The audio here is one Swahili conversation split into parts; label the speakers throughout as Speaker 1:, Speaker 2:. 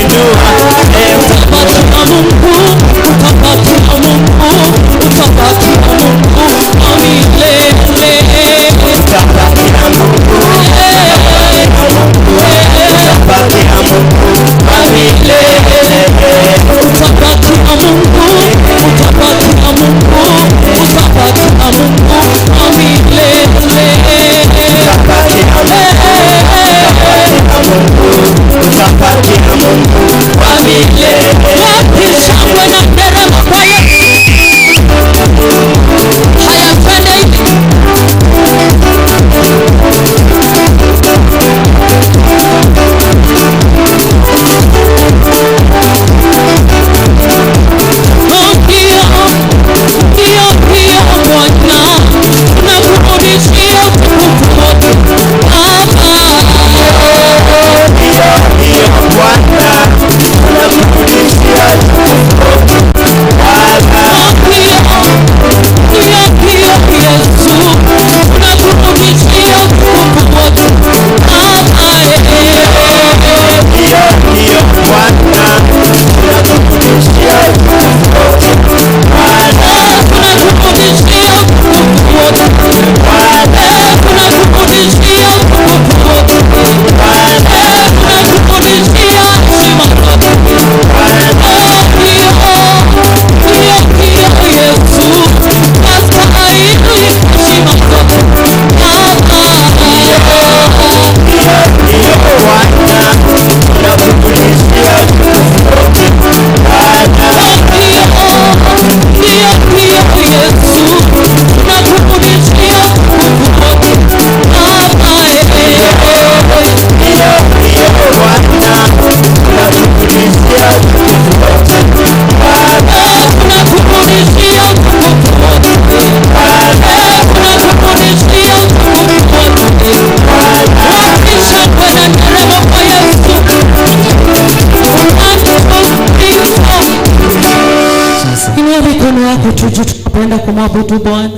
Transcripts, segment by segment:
Speaker 1: you do kwenda kumwabudu Bwana.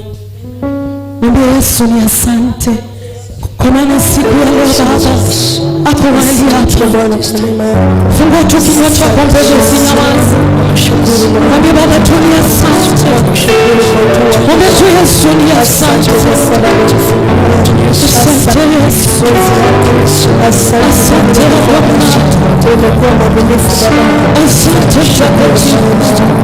Speaker 1: Mwambie Yesu ni asante kwa maana siku ya leo Baba hapo mahali hapa, fungua tu kinywa chako mbele zina wazi, mwambie Baba tu ni asante, mwambie tu Yesu ni asante. Asante Yesu, asante Bwana, asante Bwana.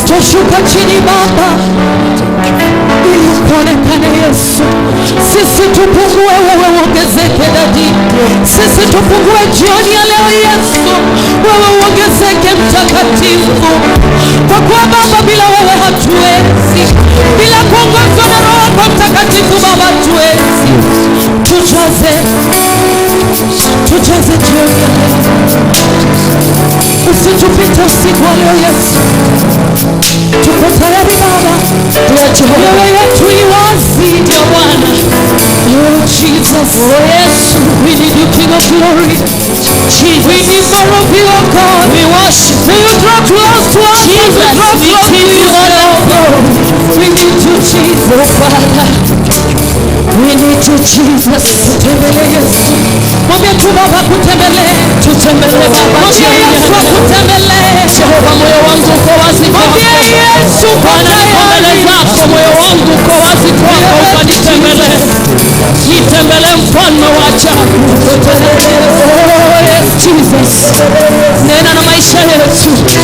Speaker 1: Toshuka chini Baba, ili kuonekane Yesu. Sisi tupungue, wewe uongezeke dadi. Sisi tupungue jioni ya leo Yesu, wewe uongezeke Mtakatifu, kwa kuwa Baba, bila wewe hatuwezi, bila kuongozwa na Roho kwa Mtakatifu Baba hatuwezi. Tujaze, tujaze jioni ya leo Usted chupito si cuando yes Chupita ya mi baba Wewe yetu iwazi ya wana Oh Jesus Oh yes We need you King of Glory Jesus. We need more of you oh God We worship Will you draw close to us Jesus. Draw close to you Lord We need you Jesus Father We need you Bwana mbele na maisha yetu.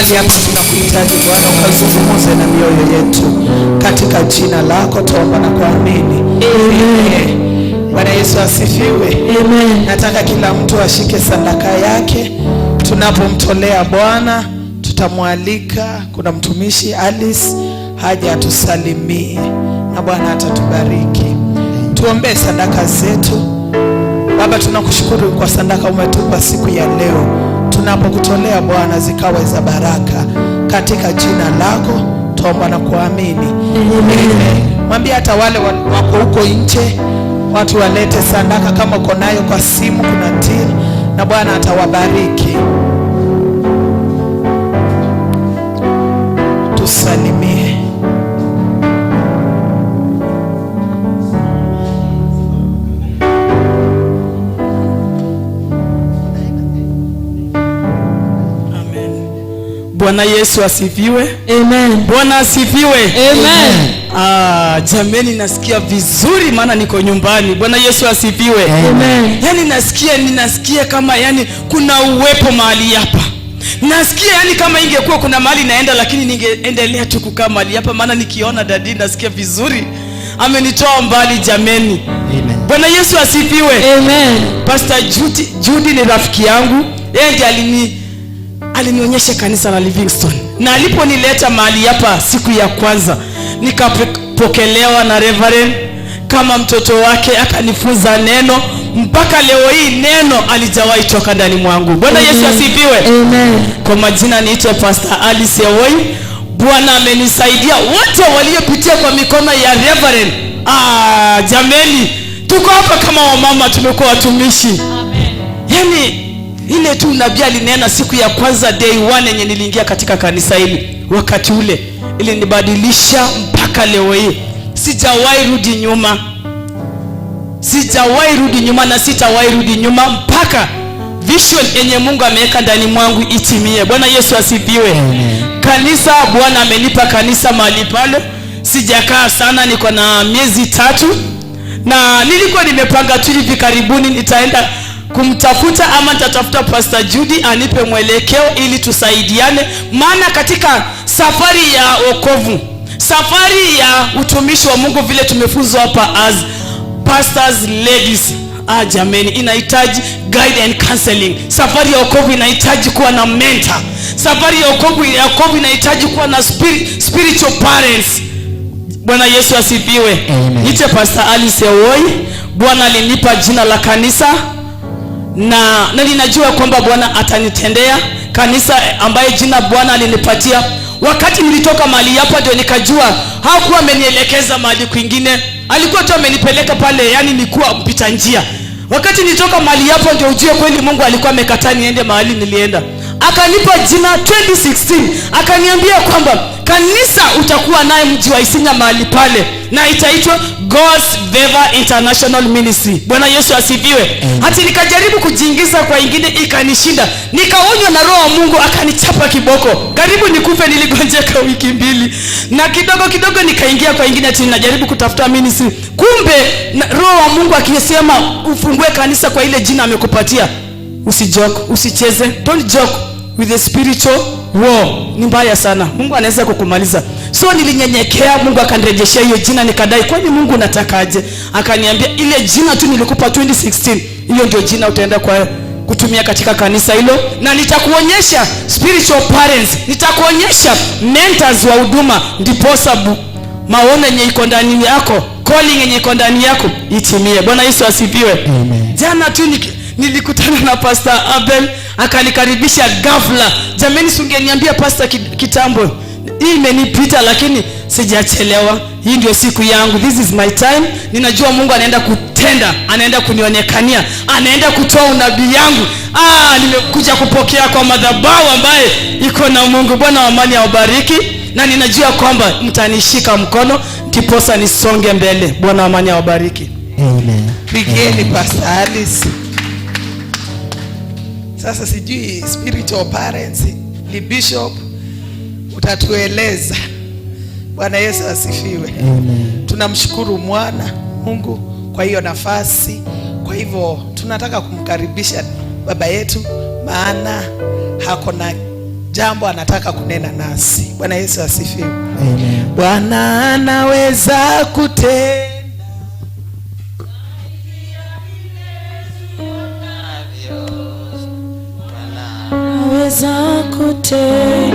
Speaker 2: mahali hapa tunakuhitaji Bwana, ukazungumuze na mioyo yetu, katika jina lako tuomba na kuamini Bwana Yesu asifiwe. Amen. Nataka kila mtu ashike sadaka yake. Tunapomtolea Bwana tutamwalika, kuna mtumishi Alice haja atusalimie na Bwana atatubariki. Tuombee sadaka zetu. Baba, tunakushukuru kwa sadaka umetupa siku ya leo tunapokutolea Bwana zikawe za baraka katika jina lako tomba na kuamini. Mwambie hata wale wako huko nje watu walete sadaka kama uko nayo kwa simu, kuna till na Bwana atawabariki. Tusalimie. Bwana Yesu asifiwe. Amen. Bwana asifiwe. Amen. Ah, jameni nasikia vizuri maana niko nyumbani. Bwana Yesu asifiwe. Amen. Yaani nasikia ninasikia kama yani kuna uwepo mahali hapa. Nasikia yani kama ingekuwa kuna mahali naenda lakini ningeendelea tu kukaa mahali hapa maana nikiona dadi nasikia vizuri. Amenitoa mbali jameni. Amen. Bwana Yesu asifiwe. Amen. Pastor Judy, Judy ni rafiki yangu. Yeye ndiye alini alinionyesha kanisa la livingston na aliponileta mahali hapa siku ya kwanza nikapokelewa na Reverend kama mtoto wake, akanifunza neno mpaka leo hii neno alijawahi toka ndani mwangu. Bwana Yesu asifiwe. Amen. Kwa majina niite Pastor Alice Ewoi. Bwana amenisaidia, wote waliopitia kwa mikono ya Reverend. Ah, jameni, tuko hapa kama wamama, tumekuwa watumishi. Amen. Yaani, ile tu nabii alinena siku ya kwanza day one yenye niliingia katika kanisa hili wakati ule ilinibadilisha mpaka leo hii sijawahi rudi nyuma sijawahi rudi nyuma na sitawahi rudi nyuma mpaka vision yenye mungu ameweka ndani mwangu itimie bwana yesu asifiwe kanisa bwana amenipa kanisa mahali pale sijakaa sana niko na miezi tatu na nilikuwa nimepanga tu hivi karibuni nitaenda kumtafuta ama tatafuta Pastor Judy anipe mwelekeo ili tusaidiane, maana katika safari ya wokovu, safari ya utumishi wa Mungu vile tumefunzwa hapa as pastors ladies Ah, jameni, inahitaji guide and counseling. Safari ya wokovu inahitaji kuwa na mentor. Safari ya wokovu inahitaji kuwa na spirit, spiritual parents. Bwana Yesu asifiwe. Niite Pastor Alice Awoi. Bwana alinipa jina la kanisa na, na ninajua kwamba Bwana atanitendea kanisa ambaye jina Bwana alinipatia. Wakati nilitoka mahali hapa, ndio nikajua hakuwa amenielekeza mahali kwingine, alikuwa tu amenipeleka pale, yani nilikuwa mpita njia. Wakati nilitoka mahali hapo, ndio ujue kweli Mungu alikuwa amekataa niende mahali nilienda akanipa jina 2016 akaniambia kwamba kanisa utakuwa naye mji wa isinya mahali pale na itaitwa god's Favor international ministry bwana yesu asifiwe hati nikajaribu kujiingiza kwa ingine ikanishinda nikaonywa na roho wa mungu akanichapa kiboko karibu nikufe niligonjeka wiki mbili na kidogo kidogo nikaingia kwa ingine ati ninajaribu kutafuta ministry kumbe roho wa mungu akisema ufungue kanisa kwa ile jina amekupatia usijoko usicheze don't joke with a spiritual war. Ni mbaya sana, Mungu anaweza kukumaliza. So nilinyenyekea, Mungu akanirejeshea hiyo jina, nikadai, kwani Mungu unatakaje? Akaniambia ile jina tu nilikupa 2016 hiyo ndio jina utaenda kwa kutumia katika kanisa hilo, na nitakuonyesha spiritual parents, nitakuonyesha mentors wa huduma, ndipo sababu maono yenye iko ndani yako, calling yenye iko ndani yako itimie. Bwana Yesu asifiwe. Amen. Jana tu nilikutana na Pastor Abel akanikaribisha ghafla. Jamani, sungeniambia Pastor kitambo, hii imenipita lakini sijachelewa. Hii ndio siku yangu, this is my time. Ninajua Mungu anaenda kutenda, anaenda kunionekania, anaenda kutoa unabii yangu. Ah, nimekuja kupokea kwa madhabahu ambaye iko na Mungu. Bwana wa amani awabariki, na ninajua kwamba mtanishika mkono ndiposa nisonge mbele. Bwana wa amani awabariki. Amen. Pigeni Pastor Alice. Sasa sijui spiritual parents ni bishop, utatueleza. Bwana Yesu asifiwe. Tunamshukuru mwana Mungu kwa hiyo nafasi. Kwa hivyo tunataka kumkaribisha baba yetu, maana hako na jambo anataka kunena nasi. Bwana Yesu asifiwe. Bwana anaweza kutenda
Speaker 3: zako tena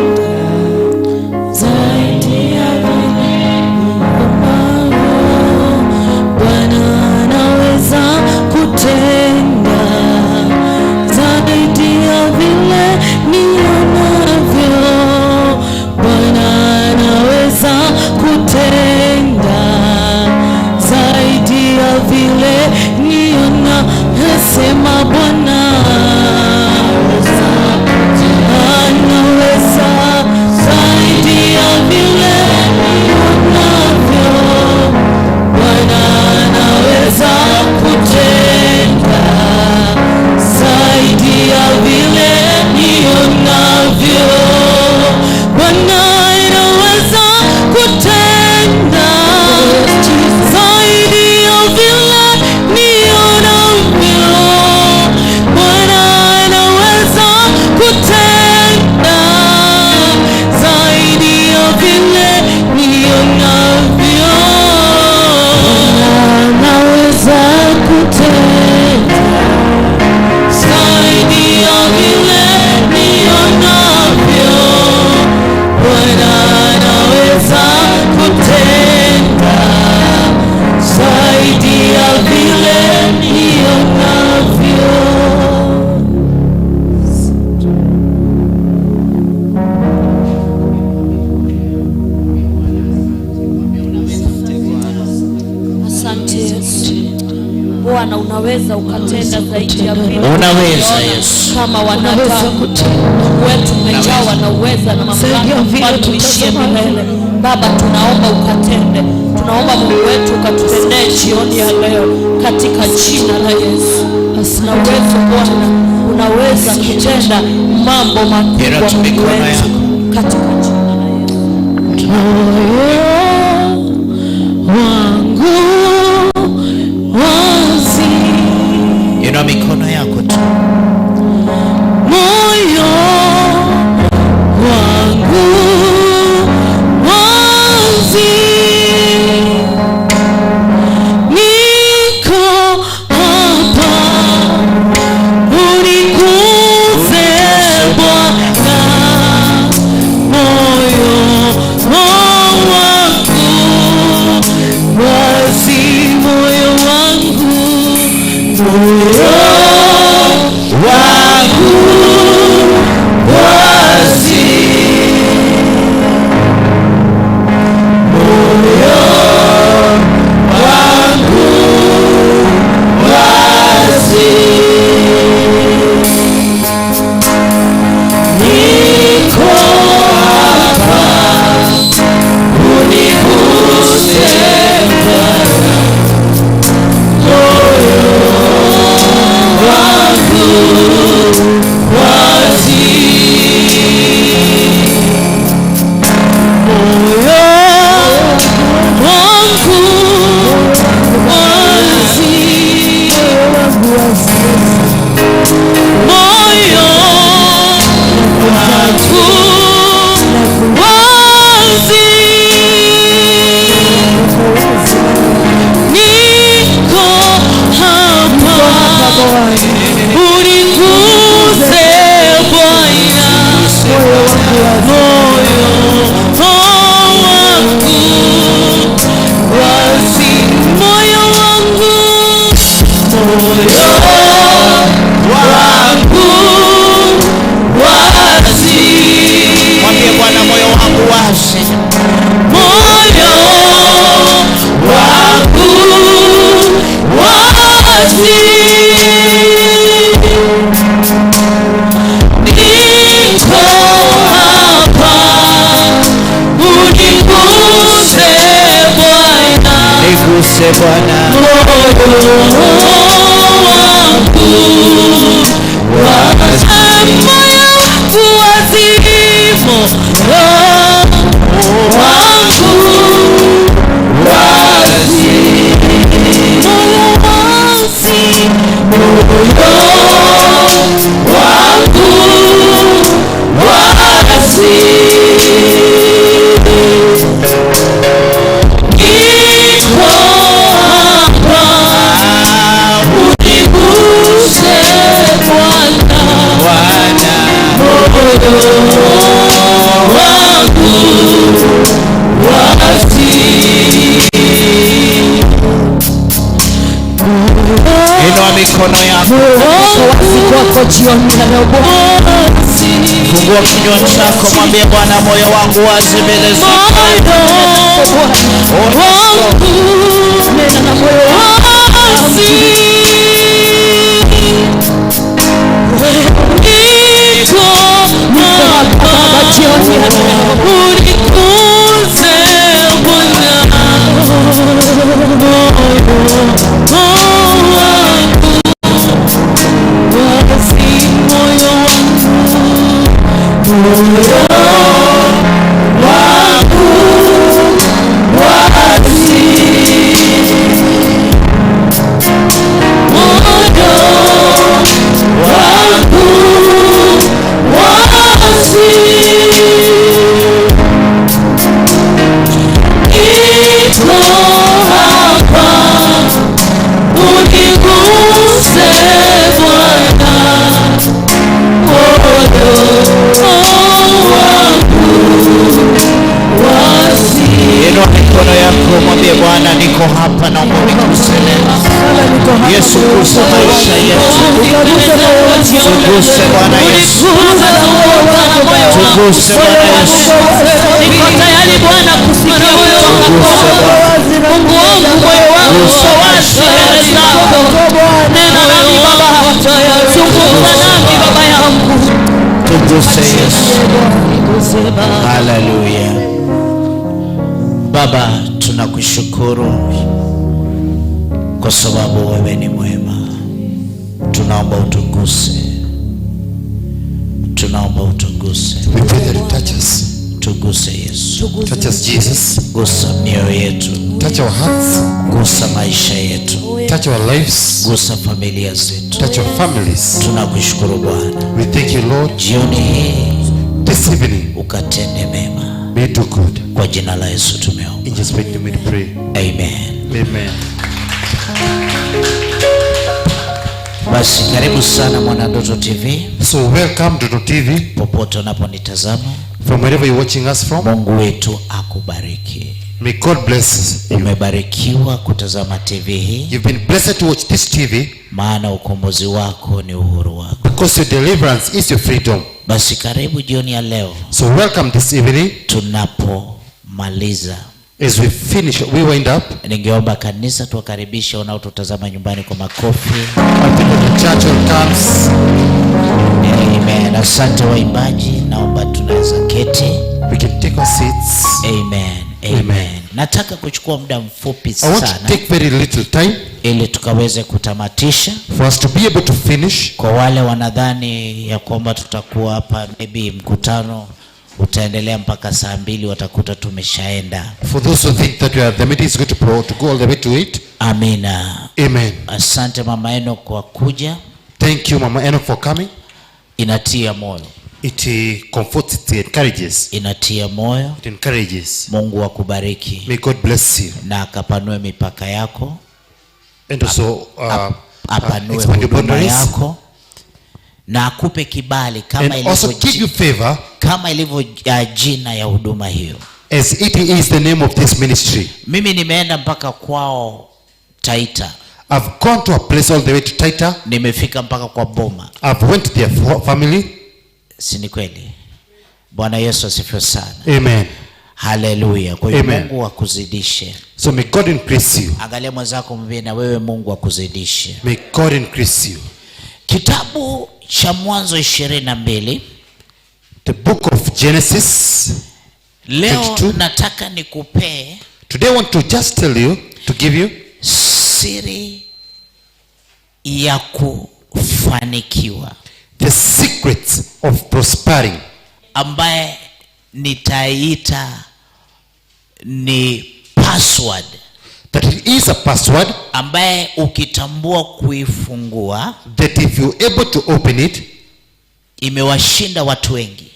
Speaker 4: Baba, tunaomba ukatende, tunaomba Mungu wetu ukatutendee jioni ya leo katika jina la Yesu. Asina uwezo Bwana, unaweza kutenda mambo
Speaker 5: makubwa Mungu wetu
Speaker 4: katika jina la Yesu.
Speaker 5: Thank you. Fungua kinywa chako, mwambie Bwana, moyo wangu wazi mbele zako. niko tayari Bwana kusikia moyo wako Mungu wangu, moyo wangu uko wazi mbele zako. Nena nami Baba, zungumza nami Baba yangu, Haleluya Baba, tunakushukuru kwa sababu wewe ni mwema, tunaomba utukuse tunaomba utukuse tuguse.
Speaker 6: We pray that you touch us.
Speaker 5: Tuguse Yesu.
Speaker 6: Touch us Jesus.
Speaker 5: Gusa mioyo yetu.
Speaker 6: Touch our hearts.
Speaker 5: Gusa maisha yetu.
Speaker 6: Touch our lives.
Speaker 5: Gusa familia zetu.
Speaker 6: Touch our families.
Speaker 5: Tunakushukuru Bwana.
Speaker 6: We thank you Lord.
Speaker 5: Jioni hii.
Speaker 6: This evening.
Speaker 5: Ukatende mema.
Speaker 6: Be too good.
Speaker 5: Kwa jina la Yesu tumeomba.
Speaker 6: In Jesus name we pray.
Speaker 5: Amen.
Speaker 6: Amen.
Speaker 7: Basi karibu sana mwana Ndoto TV.
Speaker 8: So welcome to Ndoto TV.
Speaker 7: Popote unaponitazama.
Speaker 8: From wherever you watching us from.
Speaker 7: Mungu wetu akubariki.
Speaker 8: May God bless
Speaker 7: you. Umebarikiwa kutazama TV hii.
Speaker 8: You've been blessed to watch this TV.
Speaker 7: Maana ukombozi wako ni uhuru wako.
Speaker 8: Because your deliverance is your freedom.
Speaker 7: Basi karibu jioni ya leo.
Speaker 8: So welcome this evening.
Speaker 7: Tunapomaliza
Speaker 8: As we finish, we wind up.
Speaker 7: Ningeomba kanisa tuwakaribishe wanaotutazama nyumbani kwa makofi. Amen. Asante waimbaji, naomba tunaweza keti.
Speaker 8: We can take our seats. Amen. Amen.
Speaker 7: Nataka kuchukua muda mfupi
Speaker 8: sana. I want to take very little time
Speaker 7: ili tukaweze kutamatisha.
Speaker 8: For us to be able to finish.
Speaker 7: Kwa wale wanadhani ya kwamba tutakuwa hapa maybe mkutano utaendelea mpaka saa mbili, watakuta tumeshaenda.
Speaker 8: For those who think that we are the meeting is going to pro, to go all the way to it.
Speaker 7: Amina. Amen. Asante Mama Eno kwa kuja.
Speaker 8: Thank you Mama Eno for coming.
Speaker 7: Inatia moyo.
Speaker 8: It uh, comforts, it encourages.
Speaker 7: Inatia moyo.
Speaker 8: It encourages.
Speaker 7: Mungu akubariki.
Speaker 8: May God bless you.
Speaker 7: Na akapanue mipaka yako.
Speaker 8: And also, uh,
Speaker 7: apanue huduma yako na akupe kibali kama ilivyo. And also
Speaker 8: give you favor
Speaker 7: kama ilivyo uh, jina ya huduma hiyo.
Speaker 8: As it is the name of this ministry.
Speaker 7: Mimi nimeenda mpaka kwao Taita.
Speaker 8: I've gone to a place all the way to Taita.
Speaker 7: Nimefika mpaka kwa Boma.
Speaker 8: I've went to their family.
Speaker 7: Si ni kweli? Bwana Yesu asifiwe sana. Amen. Haleluya. Kwa hiyo Mungu akuzidishe.
Speaker 8: So may God increase you.
Speaker 7: Angalia mwenzako mwambie na wewe Mungu akuzidishe.
Speaker 8: May God increase you.
Speaker 7: Kitabu cha Mwanzo ishirini na mbili
Speaker 8: The book of Genesis.
Speaker 7: Leo nataka nikupee.
Speaker 8: Today I want to just tell you to give you
Speaker 7: siri ya kufanikiwa.
Speaker 8: The secrets of prospering.
Speaker 7: Ambaye nitaita ni password.
Speaker 8: That it is a password
Speaker 7: ambaye ukitambua kuifungua,
Speaker 8: that if you able to open it,
Speaker 7: imewashinda watu wengi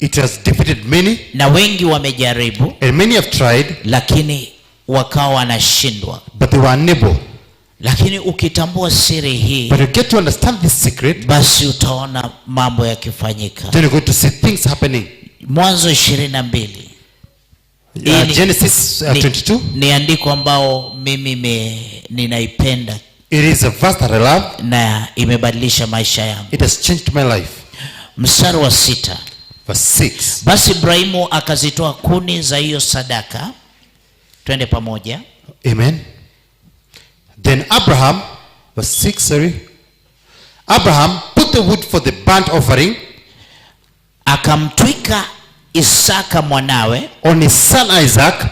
Speaker 8: It has defeated many,
Speaker 7: na wengi wamejaribu,
Speaker 8: and many have tried,
Speaker 7: lakini wakawa wanashindwa,
Speaker 8: but they were unable.
Speaker 7: Lakini ukitambua siri hii, but
Speaker 8: you get to understand this secret,
Speaker 7: basi utaona mambo yakifanyika.
Speaker 8: Then you're going to see things happening.
Speaker 7: Mwanzo 22
Speaker 8: uh, Genesis uh, 22
Speaker 7: ni andiko ambao mimi me, ninaipenda.
Speaker 8: It is a verse that I love,
Speaker 7: na imebadilisha maisha yangu.
Speaker 8: It has changed my life.
Speaker 7: Mstari wa sita
Speaker 8: basi
Speaker 7: Ibrahimu akazitoa kuni za hiyo sadaka. Twende pamoja.
Speaker 8: Amen. Then Abraham, verse sorry. Abraham put the wood for the burnt offering.
Speaker 7: Akamtwika Isaka mwanawe
Speaker 8: on his son Isaac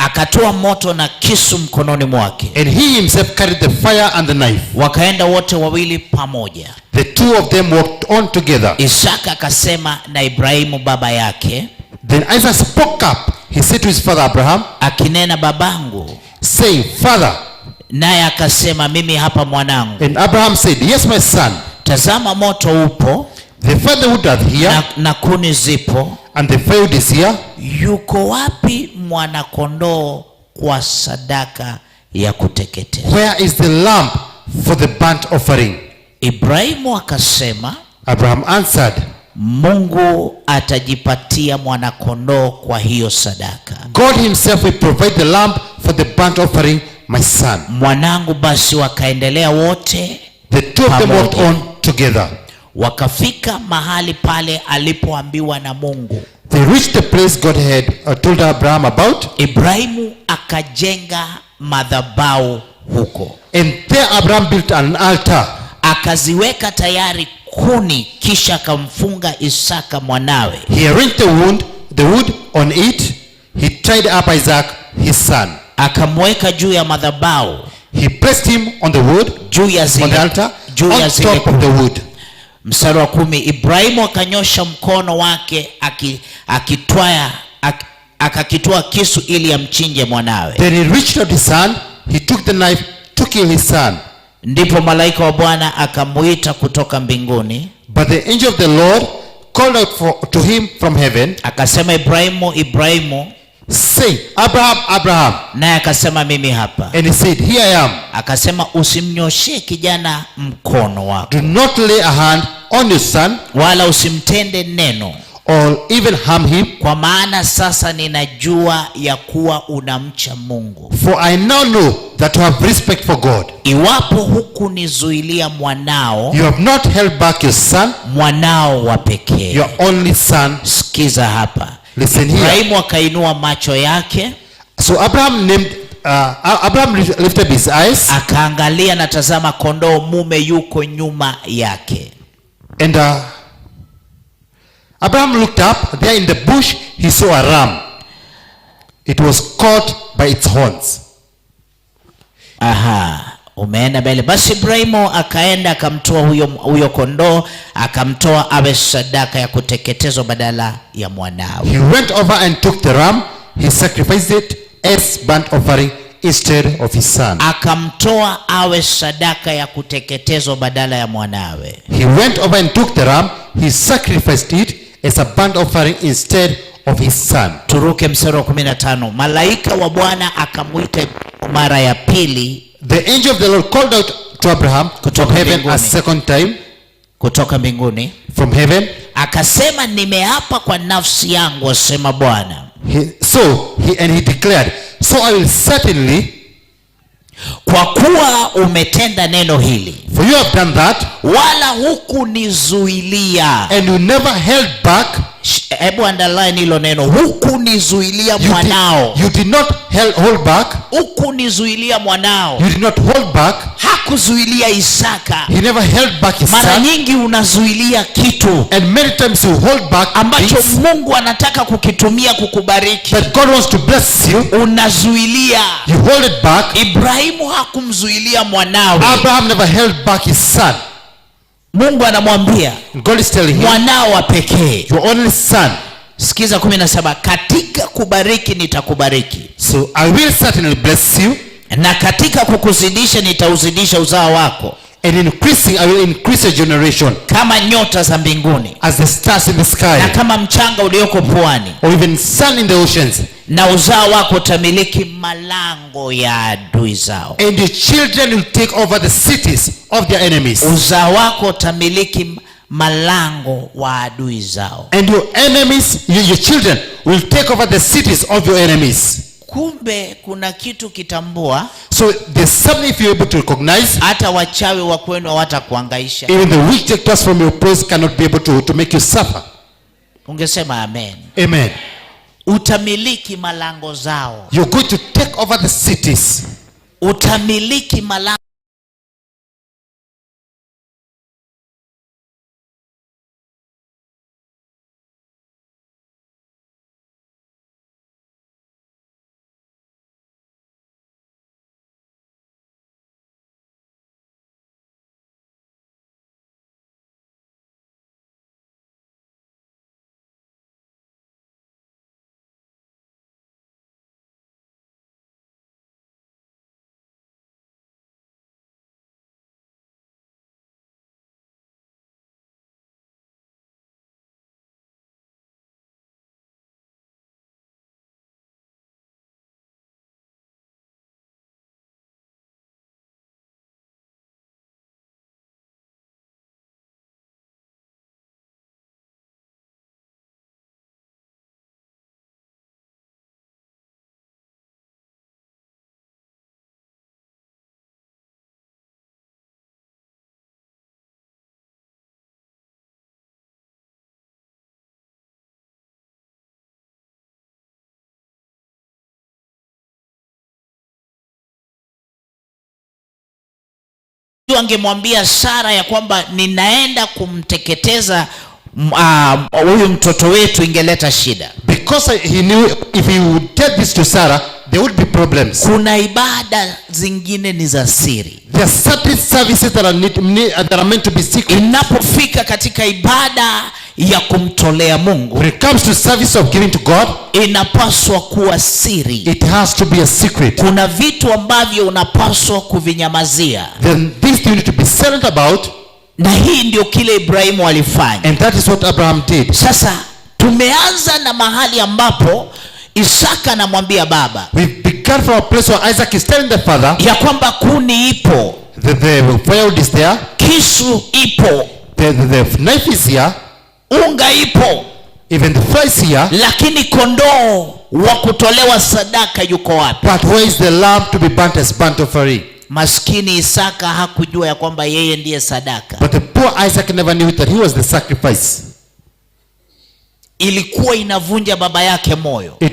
Speaker 7: akatoa moto na kisu mkononi mwake
Speaker 8: and he himself carried the fire and the knife
Speaker 7: wakaenda wote wawili pamoja
Speaker 8: the two of them walked on together
Speaker 7: isaka akasema na ibrahimu baba yake
Speaker 8: then isaac spoke up he said to his father abraham
Speaker 7: akinena babangu
Speaker 8: say father
Speaker 7: naye akasema mimi hapa mwanangu
Speaker 8: and abraham said yes my son
Speaker 7: tazama moto upo
Speaker 8: The fatherhood that here,
Speaker 7: na, na kuni zipo
Speaker 8: and the field is here.
Speaker 7: Yuko wapi mwana mwanakondoo kwa sadaka ya kuteketeza?
Speaker 8: Where is the lamb for the burnt offering?
Speaker 7: Ibrahimu akasema,
Speaker 8: Abraham answered,
Speaker 7: Mungu atajipatia mwana mwanakondoo kwa hiyo sadaka.
Speaker 8: God himself will provide the lamb for the burnt offering, my son.
Speaker 7: Mwanangu, basi wakaendelea wote,
Speaker 8: the two of them walked on together
Speaker 7: Wakafika mahali pale alipoambiwa na Mungu.
Speaker 8: They reached the place God had uh, told Abraham about.
Speaker 7: Ibrahimu akajenga madhabahu huko.
Speaker 8: And there Abraham built an altar.
Speaker 7: Akaziweka tayari kuni kisha akamfunga Isaka mwanawe.
Speaker 8: He arranged the wood, the wood on it. He tied up Isaac his son.
Speaker 7: Akamweka juu ya madhabahu.
Speaker 8: He placed him on the wood,
Speaker 7: juu ya zile, on the altar, juu on ya on top
Speaker 8: of the wood
Speaker 7: mstari wa kumi, Ibrahimu akanyosha mkono wake akitwaya ak, akakitoa kisu ili amchinje mwanawe.
Speaker 8: Then he reached out his hand, he took the knife to kill his son.
Speaker 7: Ndipo malaika wa Bwana akamuita kutoka mbinguni.
Speaker 8: But the angel of the Lord called out for, to him from heaven.
Speaker 7: Akasema, Ibrahimu, Ibrahimu
Speaker 8: Say, Abraham, Abraham.
Speaker 7: Naye akasema mimi hapa.
Speaker 8: And he said, Here I am.
Speaker 7: Akasema usimnyoshe kijana mkono wako.
Speaker 8: Do not lay a hand on your son.
Speaker 7: Wala usimtende neno.
Speaker 8: Or even harm him.
Speaker 7: Kwa maana sasa ninajua ya kuwa unamcha Mungu.
Speaker 8: For I now know that you have respect for God.
Speaker 7: Iwapo hukunizuilia mwanao,
Speaker 8: you have not held back your son,
Speaker 7: mwanao wa pekee,
Speaker 8: your only son.
Speaker 7: Sikiza hapa Listen here. Ibrahimu akainua macho yake.
Speaker 8: So Abraham named Uh, Abraham lifted his eyes.
Speaker 7: Akaangalia na tazama kondoo mume yuko nyuma yake.
Speaker 8: And uh, Abraham looked up there in the bush he saw a ram. It was caught by its horns.
Speaker 7: Aha. Uh -huh umeenda mbele. Basi Ibrahimu akaenda akamtoa huyo, huyo kondoo akamtoa awe sadaka ya kuteketezwa badala ya mwanawe.
Speaker 8: He went over and took the ram, he sacrificed it as burnt offering instead of his son.
Speaker 7: Akamtoa awe sadaka ya kuteketezwa badala ya mwanawe.
Speaker 8: He went over and took the ram, he sacrificed it as a burnt offering instead of his son.
Speaker 7: Turuke mstari wa 15. Malaika wa Bwana akamwita mara ya pili
Speaker 8: The angel of the Lord called out to Abraham from heaven A second time
Speaker 7: kutoka mbinguni from heaven akasema, nimeapa kwa nafsi yangu, asema Bwana.
Speaker 8: So he, and he declared so I will certainly
Speaker 7: kwa kuwa umetenda neno hili,
Speaker 8: for you have done that,
Speaker 7: wala hukunizuilia,
Speaker 8: and you never held back.
Speaker 7: Hebu underline hilo neno hukunizuilia, mwanao.
Speaker 8: You did not hold back
Speaker 7: hukunizuilia mwanao.
Speaker 8: You did not hold back.
Speaker 7: Hakuzuilia Isaka.
Speaker 8: He never held back Isaka. Mara
Speaker 7: nyingi unazuilia kitu.
Speaker 8: And many times you hold back
Speaker 7: ambacho Mungu anataka kukitumia kukubariki.
Speaker 8: That God wants to bless you.
Speaker 7: Unazuilia.
Speaker 8: You hold it back.
Speaker 7: Ibrahimu hakumzuilia mwanawe.
Speaker 8: Abraham never held back his son.
Speaker 7: Mungu anamwambia,
Speaker 8: God is telling him,
Speaker 7: mwanao wa pekee.
Speaker 8: Your only son
Speaker 7: Sikiza 17, katika kubariki nitakubariki.
Speaker 8: So I will certainly bless you.
Speaker 7: Na katika kukuzidisha nitauzidisha uzao wako.
Speaker 8: And increasing, I will increase your generation.
Speaker 7: Kama nyota za mbinguni.
Speaker 8: As the stars in the sky. Na
Speaker 7: kama mchanga ulioko pwani.
Speaker 8: Or even sun in the oceans.
Speaker 7: Na uzao wako utamiliki malango ya adui zao.
Speaker 8: And the children will take over the cities of their enemies.
Speaker 7: Uzao wako utamiliki malango wa adui zao.
Speaker 8: And your enemies, your children will take over the cities of your enemies.
Speaker 7: Kumbe kuna kitu kitambua.
Speaker 8: So there's something if you're able to recognize.
Speaker 7: Hata wachawi wa kwenu hawatakuhangaisha.
Speaker 8: Even the wicked thoughts from your place cannot be able to, to make you suffer.
Speaker 7: Ungesema amen. Amen. Utamiliki malango zao.
Speaker 8: You're going to take over the cities.
Speaker 7: Utamiliki malango angemwambia Sara ya kwamba ninaenda kumteketeza ah, huyu uh, mtoto wetu ingeleta shida.
Speaker 8: Because he knew if he would tell this to Sarah there would be problems.
Speaker 7: Kuna ibada zingine ni za siri.
Speaker 8: There are certain services that are, need, that are meant to be secret.
Speaker 7: Inapofika katika ibada ya kumtolea Mungu
Speaker 8: When it comes to service of giving to God,
Speaker 7: inapaswa kuwa siri.
Speaker 8: It has to be a secret.
Speaker 7: Kuna vitu ambavyo unapaswa kuvinyamazia.
Speaker 8: Then this you need to be silent about.
Speaker 7: Na hii ndio kile Ibrahimu alifanya.
Speaker 8: And that is what Abraham did.
Speaker 7: Sasa tumeanza na mahali ambapo Isaka anamwambia baba.
Speaker 8: We began from a place where Isaac is telling the father.
Speaker 7: Ya kwamba kuni ipo.
Speaker 8: The, the firewood is there.
Speaker 7: Kisu ipo.
Speaker 8: The, the, the knife is here
Speaker 7: unga ipo
Speaker 8: even the first year
Speaker 7: lakini kondoo wa kutolewa sadaka yuko wapi?
Speaker 8: But where is the lamb to be burnt as burnt offering?
Speaker 7: Maskini Isaka hakujua ya kwamba yeye ndiye sadaka.
Speaker 8: But the poor Isaac never knew that he was the sacrifice.
Speaker 7: Ilikuwa inavunja baba yake moyo. It